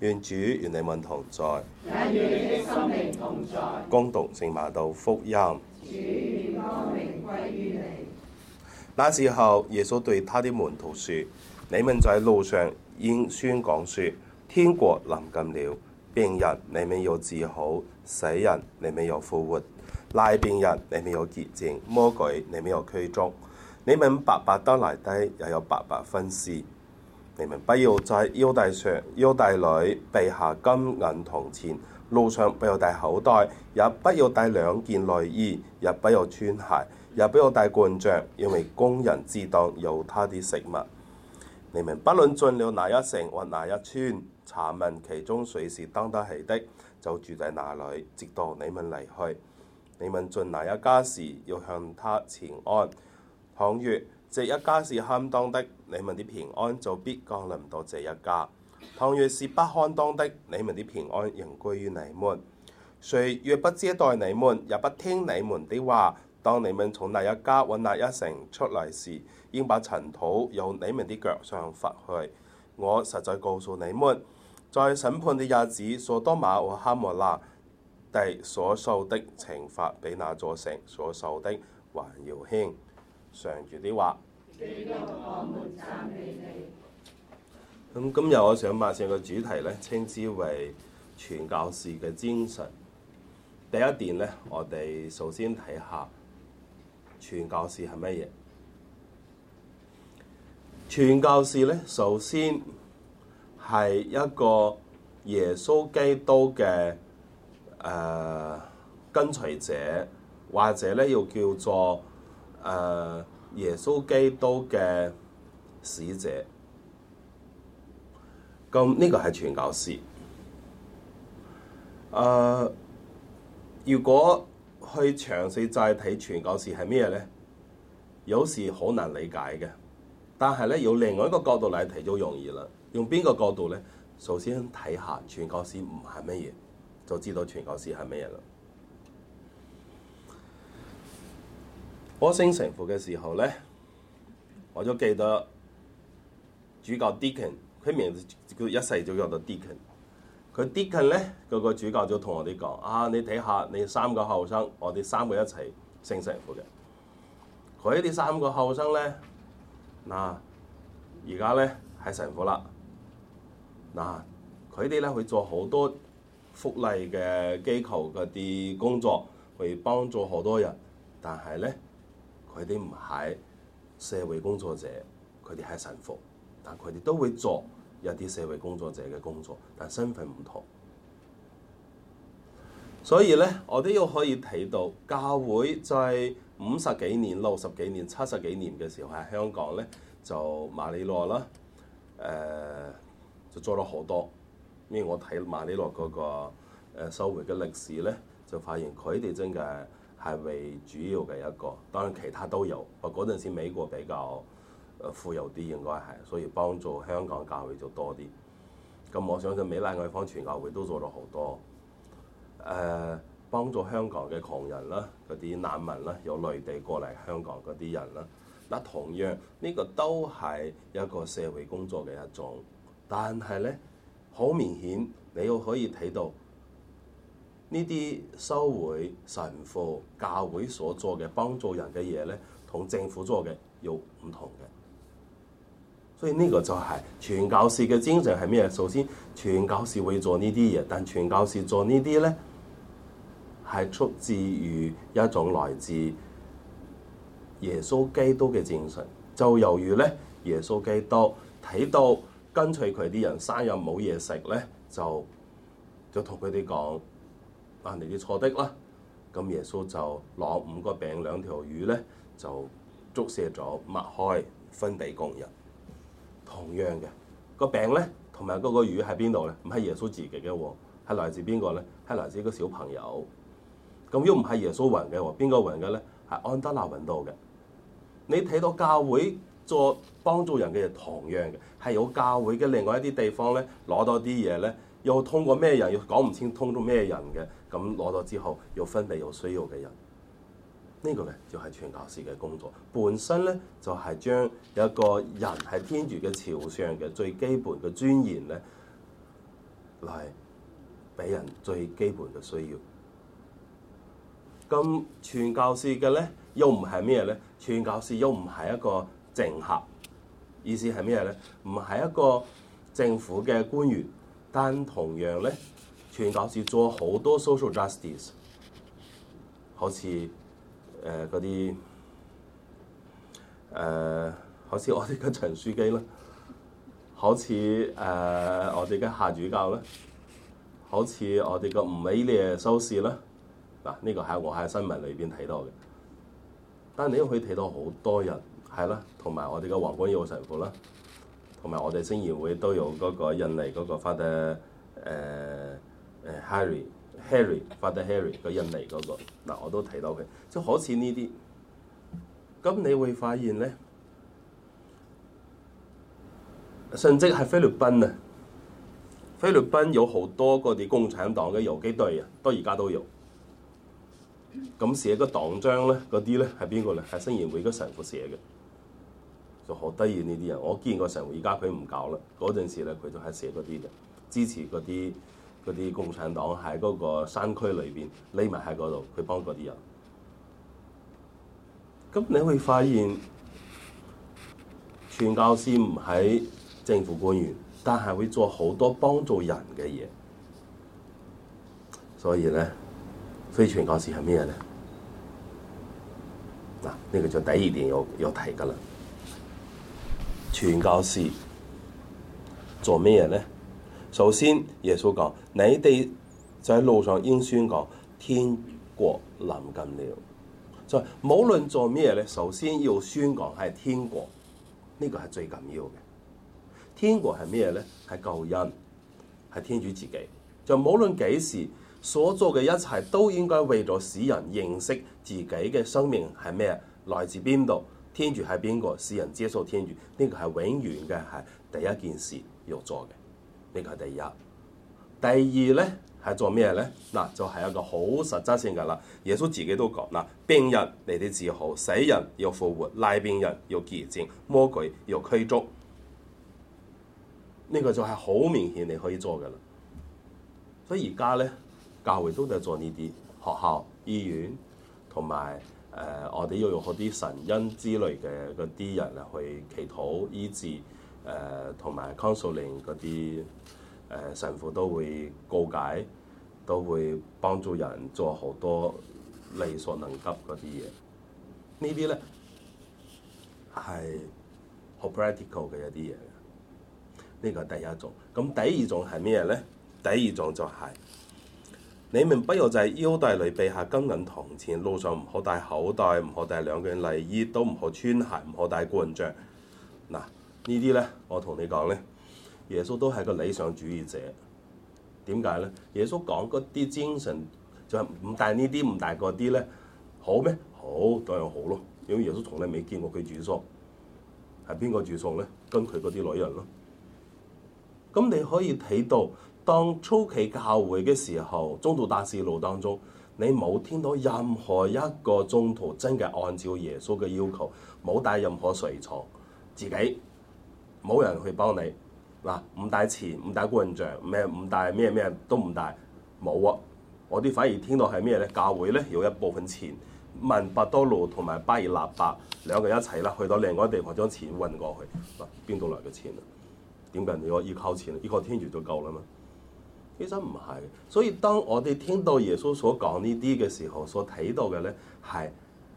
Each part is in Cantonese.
願主與你們同在，也與你的心靈同在。恭讀聖馬竇福音，主，願光明歸於你。那時候，耶穌對他的門徒説：你們在路上應宣講説，天國臨近了。病人，你們要治好；死人，你們要復活；癩病人，你們要潔淨；魔鬼，你們要驅逐。你們白白得來低，也有白白分施。你們不要在腰帶上、腰帶裏備下金銀銅錢，路上不要帶口袋，也不要帶兩件內衣，也不要穿鞋，也不要帶棍杖，因為工人自當有他的食物。你們不論進了哪一城或哪一村，查問其中誰是當得起的，就住在那裏，直到你們離去。你們進哪一家時，要向他請安，倘若這一家是堪當的，你們的平安就必降臨到這一家。倘若是不堪當的，你們的平安仍歸於你們。誰若不接待你們，也不聽你們的話，當你們從那一家或那一城出嚟時，應把塵土由你們的腳上拂去。我實在告訴你們，在審判的日子，索多瑪和哈摩辣地所受的懲罰，比那座城所受的還要輕。常住啲話。咁今日我想把上個主題咧，稱之為傳教士嘅精神。第一點咧，我哋首先睇下傳教士係乜嘢。傳教士咧，首先係一個耶穌基督嘅誒、呃、跟隨者，或者咧又叫做。Uh, 耶穌基督嘅使者，咁、這、呢個係傳教士。Uh, 如果去詳細再睇傳教士係咩呢？有時好難理解嘅，但係咧有另外一個角度嚟睇就容易啦。用邊個角度咧？首先睇下傳教士唔係咩嘢，就知道傳教士係咩啦。我升神父嘅時候咧，我就記得主教 Dickon，佢名字佢一世就叫做 Dickon。佢 Dickon 咧，個個主教就同我哋講：啊，你睇下你三個後生，我哋三個一齊升神父嘅。佢哋三個後生咧，嗱，而家咧係神父啦。嗱，佢哋咧會做好多福利嘅機構嗰啲工作，去幫助好多人，但係咧。佢哋唔係社會工作者，佢哋係神父，但佢哋都會做一啲社會工作者嘅工作，但身份唔同。所以咧，我都要可以睇到，教會在五十幾年、六十幾年、七十幾年嘅時候喺香港咧，就瑪利諾啦，誒、呃、就做咗好多。因為我睇瑪利諾嗰、那個、呃、收回嘅歷史咧，就發現佢哋真係。係為主要嘅一個，當然其他都有。我嗰陣時美國比較誒富有啲，應該係，所以幫助香港教會就多啲。咁、嗯、我相信美拉外方全教會都做咗好多，誒、呃、幫助香港嘅窮人啦、嗰啲難民啦、有內地過嚟香港嗰啲人啦。嗱，同樣呢、呢個都係一個社會工作嘅一種，但係咧，好明顯，你又可以睇到。呢啲修會神父教會所做嘅幫助人嘅嘢咧，同政府做嘅有唔同嘅，所以呢個就係、是、傳教士嘅精神係咩？首先，傳教士會做呢啲嘢，但傳教士做呢啲咧係出自於一種來自耶穌基督嘅精神。就由於咧，耶穌基督睇到跟隨佢啲人生日冇嘢食咧，就就同佢哋講。啊！你啲錯的啦，咁耶穌就攞五個餅兩條魚咧，就捉射咗，擘開分地供人。同樣嘅、個餅咧，同埋嗰個魚喺邊度咧？唔係耶穌自己嘅喎、哦，係來自邊個咧？係來自一個小朋友。咁如果唔係耶穌揾嘅喎，邊個揾嘅咧？係安德納揾到嘅。你睇到教會做幫助人嘅嘢，同樣嘅係有教會嘅另外一啲地方咧，攞多啲嘢咧。又通過咩人？又講唔清通過咩人嘅咁攞咗之後，又分俾有需要嘅人。呢個咧就係傳教士嘅工作本身咧，就係將有一個人喺天主嘅朝上嘅最基本嘅尊嚴咧，嚟俾人最基本嘅需要。咁傳教士嘅咧又唔係咩咧？傳教士又唔係一個政客，意思係咩咧？唔係一個政府嘅官員。但同樣咧，傳教士做好多 social justice，好似誒嗰啲誒，好似我哋嘅陳樞機啦，好似誒、呃、我哋嘅夏主教啦，好似我哋嘅吳美烈修士啦，嗱、啊、呢、呢個係我喺新聞裏邊睇到嘅。但你都可以睇到好多人係啦，同埋我哋嘅黃君耀神父啦。同埋我哋聖言會都有嗰個印尼嗰個 Father 誒誒 Harry Harry Father Harry 個印尼嗰個。嗱，我都睇到嘅，即好似呢啲，咁你會發現咧，甚至係菲律賓啊，菲律賓有好多個啲共產黨嘅游擊隊啊，到而家都有，咁寫個黨章咧，嗰啲咧係邊個咧？係聖言會個神父寫嘅。就好得意呢啲人，我見過成戶。而家佢唔搞啦，嗰陣時咧佢就係寫嗰啲嘅支持嗰啲嗰啲共產黨喺嗰個山區裏邊匿埋喺嗰度，佢幫嗰啲人。咁你會發現傳教士唔喺政府官員，但係會做好多幫助人嘅嘢。所以咧，非傳教士係咩咧？嗱，呢個就第二點，要有提噶啦。傳教士做咩嘢咧？首先耶穌講，你哋就喺路上應宣講天國臨近了。就無論做咩嘢咧，首先要宣講係天國，呢個係最緊要嘅。天國係咩嘢咧？係救恩，係天主自己。就無論幾時所做嘅一切，都應該為咗使人認識自己嘅生命係咩，來自邊度。天主係邊個？世人接受天主，呢、這個係永遠嘅，係第一件事要做嘅。呢、這個係第一，第二咧係做咩咧？嗱，就係、是、一個好實質性嘅啦。耶穌自己都講嗱，病人你哋治好，死人要復活，癩病人要見證，魔鬼要驅逐。呢、這個就係好明顯你可以做嘅啦。所以而家咧，教會都係做呢啲學校、醫院同埋。誒、呃，我哋要用好啲神恩之類嘅嗰啲人嚟去祈禱醫治，誒、呃、同埋 consoling 嗰啲誒、呃、神父都會告解，都會幫助人做好多力所能及嗰啲嘢。呢啲咧係好 practical 嘅一啲嘢。呢、這個係第一種。咁第二種係咩咧？第二種就係、是。你們不要就係腰帶裏備下金銀銅錢，路上唔好帶口袋，唔好帶兩件禮衣，都唔好穿鞋，唔好帶棍杖。嗱呢啲咧，我同你講咧，耶穌都係個理想主義者。點解咧？耶穌講嗰啲精神就係唔帶呢啲，唔帶嗰啲咧，好咩？好，當然好咯，因為耶穌從來未見過佢住宿，係邊個住宿咧？跟佢嗰啲女人咯。咁你可以睇到，當初期教會嘅時候，宗徒大事錄當中，你冇聽到任何一個宗徒真嘅按照耶穌嘅要求，冇帶任何隨從，自己冇人去幫你，嗱、啊，唔帶錢，唔帶棍杖，咩唔帶咩咩都唔帶，冇啊！我哋反而聽到係咩咧？教會咧有一部分錢，問伯多祿同埋巴爾納伯兩個一齊啦，去到另外一個地方將錢運過去，嗱，邊度嚟嘅錢啊？點解你要依靠錢、依靠天主就夠啦嘛？其實唔係，所以當我哋聽到耶穌所講呢啲嘅時候，所睇到嘅咧係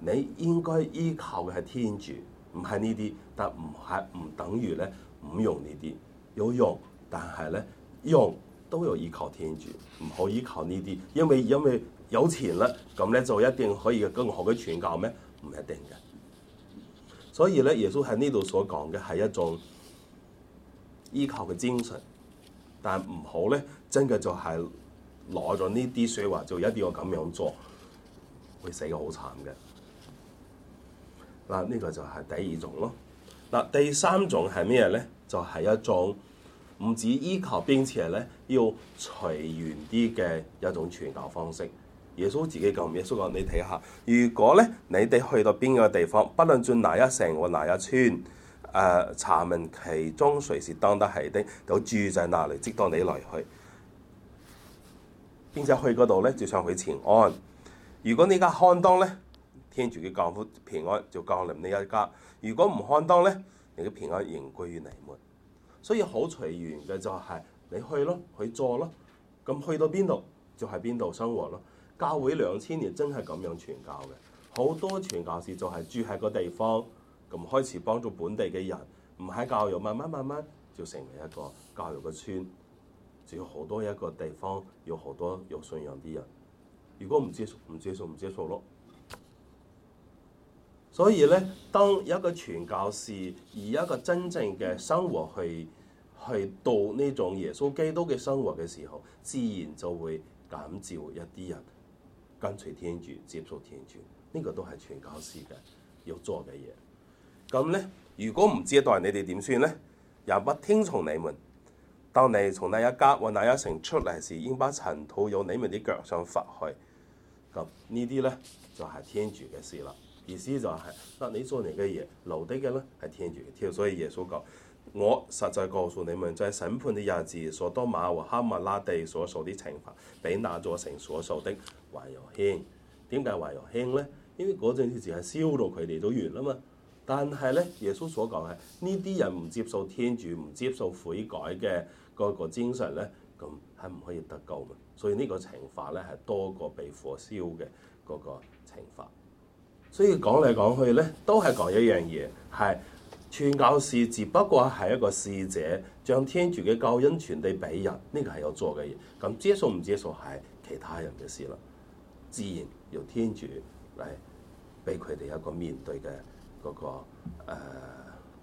你應該依靠嘅係天主，唔係呢啲，但唔係唔等於咧唔用呢啲，有用，但係咧用都要依靠天主，唔好依靠呢啲，因為因為有錢啦，咁咧就一定可以更好嘅傳教咩？唔一定嘅，所以咧耶穌喺呢度所講嘅係一種依靠嘅精神，但唔好咧，真嘅就係攞咗呢啲說話，就一定要咁樣做，會死得好慘嘅。嗱、啊，呢、這個就係第二種咯。嗱、啊，第三種係咩咧？就係、是、一種唔止依靠並且咧，要隨緣啲嘅一種傳教方式。耶穌自己講，耶穌講：你睇下，如果咧你哋去到邊個地方，不論在哪一城或哪一村。誒、啊、查問其中誰是當得起的，就住在哪裏，直到你來去。並且去嗰度咧，就想去前安。如果你家看當咧，天主嘅降福平安就降臨你一家；如果唔看當咧，你嘅平安仍歸於你們。所以好隨緣嘅就係、是、你去咯，去坐咯。咁去到邊度就係邊度生活咯。教會兩千年真係咁樣傳教嘅，好多傳教士就係住喺個地方。咁開始幫助本地嘅人，唔喺教育，慢慢慢慢就成為一個教育嘅村，仲有好多一個地方，有好多有信仰啲人。如果唔接受，唔接受，唔接受咯。所以咧，當一個傳教士以一個真正嘅生活去去度呢種耶穌基督嘅生活嘅時候，自然就會感召一啲人跟隨，跟隨天主接受天主。呢、這個都係傳教士嘅要做嘅嘢。咁咧，如果唔接待你哋點算咧？又不聽從你們。當你從那一家或那一城出嚟時，應把塵土由你們啲腳上拂去。咁呢啲咧就係、是、天主嘅事啦。意思就係、是、得你做你嘅嘢，留低嘅咧係天主嘅。跳。」所以耶穌講：我實在告訴你們，在審判的日子，索多瑪和哈馬拉地所受的懲罰，比那座城所受的還要輕。點解還要輕咧？因為嗰陣時係燒到佢哋都完啦嘛。但係咧，耶穌所講係呢啲人唔接受天主，唔接受悔改嘅嗰個精神咧，咁係唔可以得救嘛。所以呢個懲罰咧係多過被火燒嘅嗰個懲罰。所以講嚟講去咧，都係講一樣嘢，係傳教士只不過係一個使者，將天主嘅教恩傳遞俾人，呢個係有做嘅嘢。咁接受唔接受係其他人嘅事啦，自然由天主嚟俾佢哋一個面對嘅。嗰、那個誒、呃、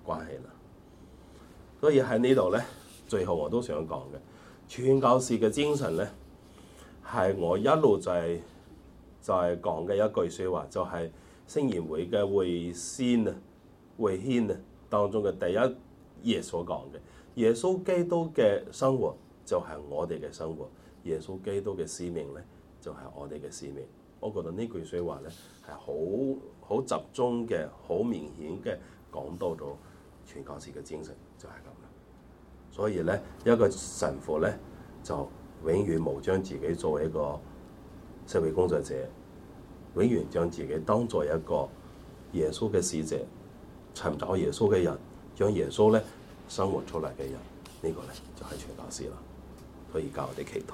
關係啦，所以喺呢度咧，最後我都想講嘅，傳教士嘅精神咧，係我一路就係就係講嘅一句説話，就係、是、聖言會嘅會先啊、會軒啊當中嘅第一頁所講嘅，耶穌基督嘅生活就係我哋嘅生活，耶穌基督嘅使命咧就係、是、我哋嘅使命。我覺得句呢句説話咧係好好集中嘅、好明顯嘅講到咗傳教士嘅精神就係咁啦。所以咧一個神父咧就永遠冇將自己作為一個社會工作者，永遠將自己當作一個耶穌嘅使者，尋找耶穌嘅人，將耶穌咧生活出嚟嘅人，這個、呢個咧就係、是、傳教士啦。可以教我哋祈禱。